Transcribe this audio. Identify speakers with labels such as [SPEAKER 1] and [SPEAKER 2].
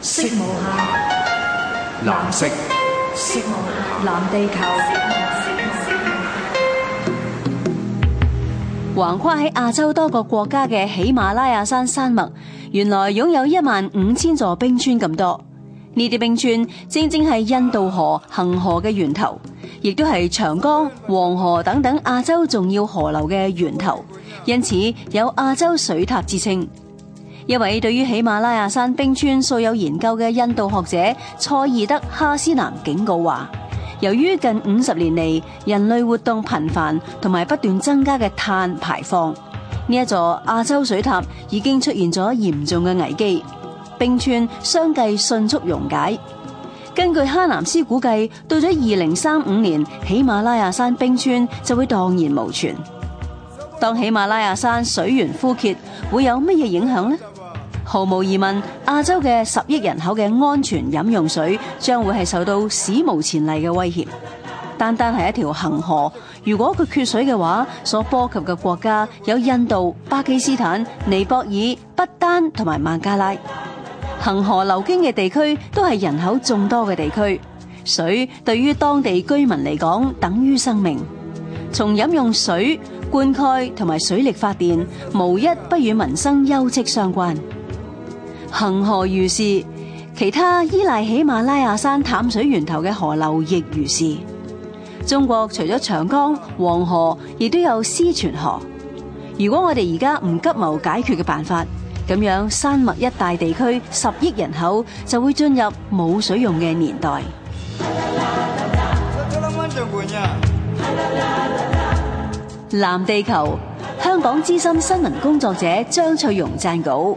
[SPEAKER 1] 色無暇，藍色。色無暇，藍地球。橫跨喺亞洲多個國家嘅喜馬拉雅山山脈，原來擁有一萬五千座冰川咁多。呢啲冰川正正係印度河、恒河嘅源頭，亦都係長江、黃河等等亞洲重要河流嘅源頭，因此有亞洲水塔之稱。一位對於喜馬拉雅山冰川素有研究嘅印度學者塞爾德哈斯南警告話，由於近五十年嚟人類活動頻繁同埋不斷增加嘅碳排放，呢一座亞洲水塔已經出現咗嚴重嘅危機，冰川相繼迅速溶解。根據哈南斯估計，到咗二零三五年，喜馬拉雅山冰川就會蕩然無存。當喜馬拉雅山水源枯竭，會有乜嘢影響呢？毫無疑問，亞洲嘅十億人口嘅安全飲用水將會係受到史無前例嘅威脅。單單係一條恒河，如果佢缺水嘅話，所波及嘅國家有印度、巴基斯坦、尼泊爾、不丹同埋孟加拉。恒河流經嘅地區都係人口眾多嘅地區，水對於當地居民嚟講等於生命。從飲用水、灌溉同埋水力發電，無一不與民生休戚相關。恒河如是，其他依賴喜馬拉雅山淡水源頭嘅河流亦如是。中國除咗長江、黃河，亦都有獅泉河。如果我哋而家唔急謀解決嘅辦法，咁樣山脈一帶地區十億人口就會進入冇水用嘅年代。啊、藍地球，香港資深新聞工作者張翠蓉撰稿。